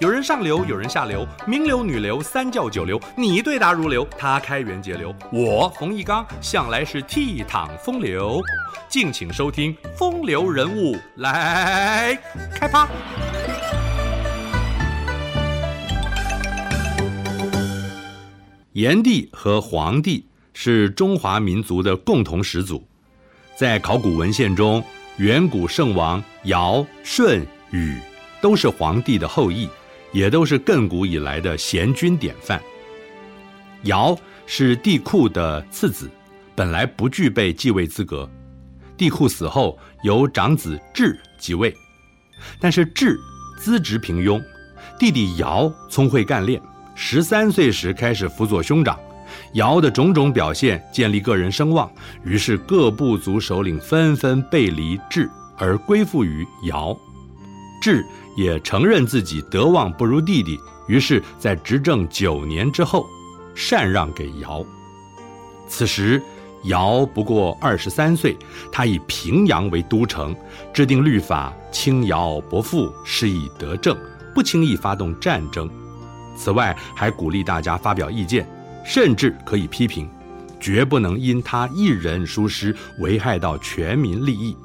有人上流，有人下流，名流、女流、三教九流，你對答如流，他開源節流。我馮翊綱向來是倜儻風流，敬請收聽《風流人物》來開趴。炎帝和黃帝是中華民族的共同始祖，在考古文獻中，遠古聖王堯、舜、禹都是黃帝的後裔。也都是亙古以來的賢君典範。堯是帝嚳的次子，本來不具備繼位資格。帝嚳死後，由長子摯繼位，但是摯資質平庸，弟弟堯聰慧幹練。十三歲時開始輔佐兄長，堯的種種表現建立個人聲望，於是各部族首領紛紛背離摯而歸附於堯。摯也承認自己德望不如弟弟，於是，在執政九年之後，禪讓給堯。此時，堯不過二十三歲，他以平陽為都城，制定律法，輕徭薄賦，施以德政，不輕易發動戰爭。此外，還鼓勵大家發表意見，甚至可以批評，絕不能因他一人疏失，危害到全民利益。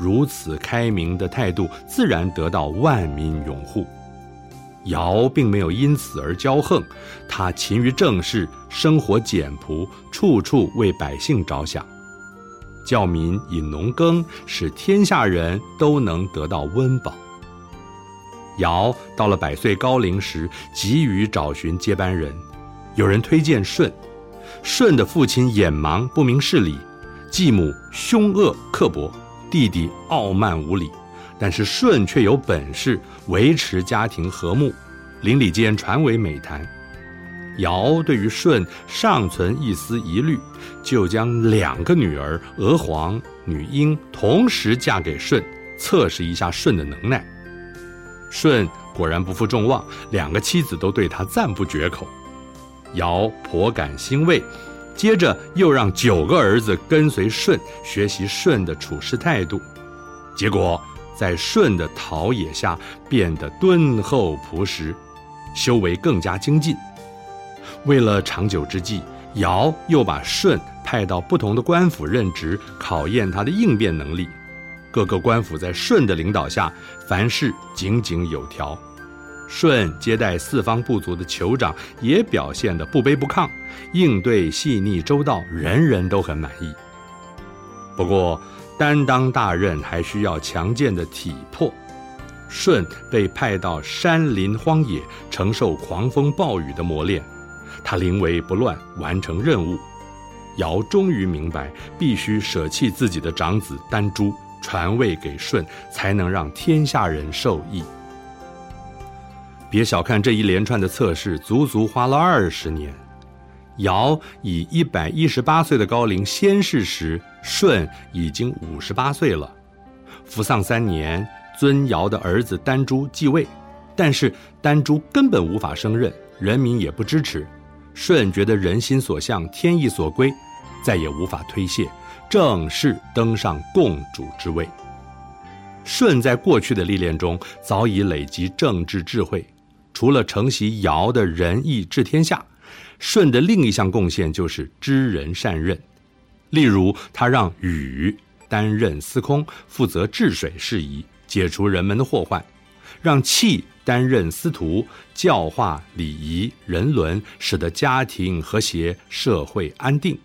如此開明的態度，自然得到萬民擁護。堯並沒有因此而驕橫，他勤於政事，生活簡樸，處處為百姓着想，教民以農耕，使天下人都能得到溫飽。堯到了百歲高齡時，急於找尋接班人，有人推薦舜。舜的父親眼盲不明事理，繼母凶惡刻薄。弟弟傲慢無禮，但是舜卻有本事維持家庭和睦，鄰里間傳為美談。堯對於舜尚存一絲疑慮，就將兩個女兒娥皇、女英同時嫁給舜，測試一下舜的能耐。舜果然不負眾望，兩個妻子都對他讚不絕口。堯頗感欣慰。接着又讓九個兒子跟隨舜學習舜的處事態度，結果在舜的陶冶下變得敦厚樸實，修為更加精進。為了長久之計，堯又把舜派到不同的官府任職，考驗他的應變能力。各個官府在舜的領導下，凡事井井有條。舜接待四方部族的酋長，也表現得不卑不亢，應對細膩周到，人人都很滿意。不過，擔當大任還需要強健的體魄。舜被派到山林荒野，承受狂風暴雨的磨練，他臨危不亂，完成任務。堯終於明白，必須捨棄自己的長子丹朱，傳位給舜，才能讓天下人受益。別小看這一連串的測試，足足花了二十年。堯以一百一十八歲的高齡仙逝時，舜已經五十八歲了。服喪三年，尊堯的兒子丹朱繼位，但是丹朱根本無法勝任，人民也不支持。舜覺得人心所向，天意所歸，再也無法推卸，正式登上共主之位。舜在過去的歷練中早已累積政治智慧。除了承襲堯的仁義治天下，舜的另一項貢獻就是知人善任。例如，他讓禹擔任司空，負責治水事宜，解除人們的禍患；讓契擔任司徒，教化禮儀、人倫，使得家庭和諧、社會安定；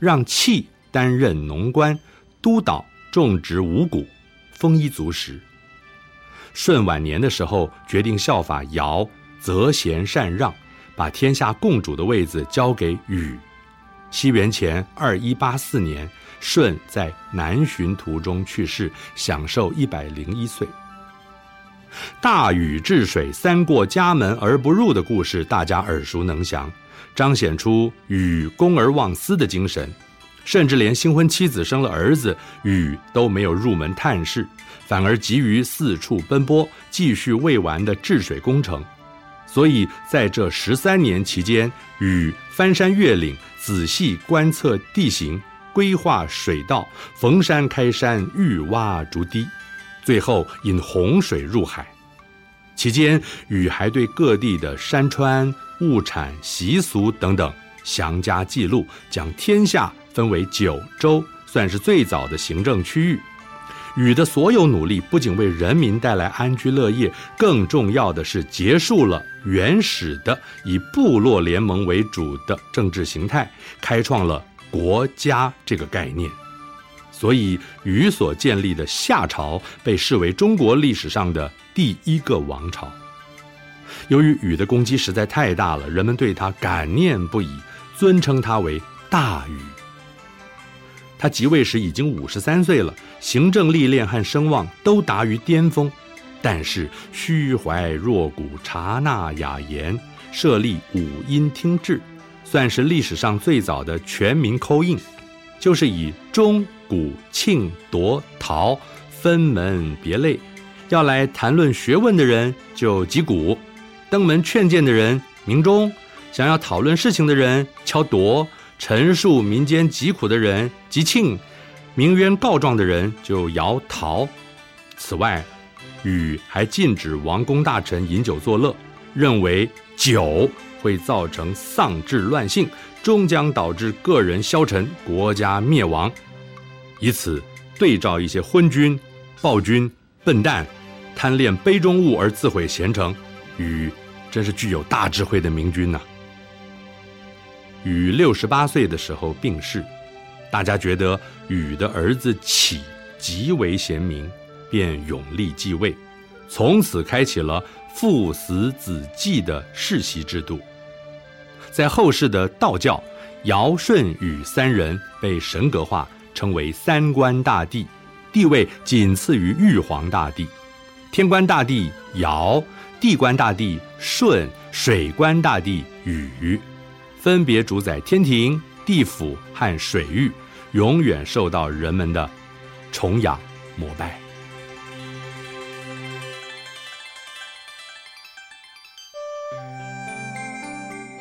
讓棄擔任農官，督導種植五穀，豐衣足食。舜晚年的時候，決定效法堯，擇賢禪讓，把天下共主的位子交給禹。西元前二一八四年，舜在南巡途中去世，享壽一百零一歲。大禹治水三過家門而不入的故事，大家耳熟能詳，彰顯出禹公而忘私的精神。甚至連新婚妻子生了兒子禹都沒有入門探視，反而急於四處奔波，繼續未完的治水工程。所以，在這十三年期間，禹翻山越嶺，仔細觀測地形，規劃水道，逢山開山，遇窪築堤，最後引洪水入海。期間，禹還對各地的山川、物產、習俗等等。詳加記錄，將天下分為九州，算是最早的行政區域。禹的所有努力不僅為人民帶來安居樂業，更重要的是結束了原始的以部落聯盟為主的政治形態，開創了國家這個概念。所以，禹所建立的夏朝被視為中國歷史上的第一個王朝。由於禹的功績實在太大了，人們對他感念不已。尊稱他為大禹。他即位時已經五十三歲了，行政歷練和聲望都達於巔峰，但是虛懷若谷，察納雅言，設立五音聽制，算是歷史上最早的全民 call in，就是以鐘、鼓、磬、鐸、陶分門別類，要來談論學問的人就擊鼓，登門勸諫的人鳴鐘。想要討論事情的人敲鐸，陳述民間疾苦的人擊磬，鳴冤告狀的人就搖鼗。此外，禹還禁止王公大臣飲酒作樂，認為酒會造成喪志亂性，終將導致個人消沉、國家滅亡。以此對照一些昏君、暴君、笨蛋，貪戀杯中物而自毀前程，禹真是具有大智慧的明君吶、啊。禹六十八歲的時候病逝，大家覺得禹的兒子啟極為賢明，便擁立繼位，從此開啟了父死子繼的世襲制度。在後世的道教，堯、舜、禹三人被神格化，稱為三官大帝，地位僅次於玉皇大帝。天官大帝堯，地官大帝舜，水官大帝禹。分別主宰天庭、地府和水域，永遠受到人們的崇仰膜拜。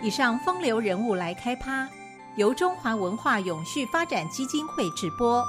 以上風流人物來開趴，由中華文化永續發展基金會直播。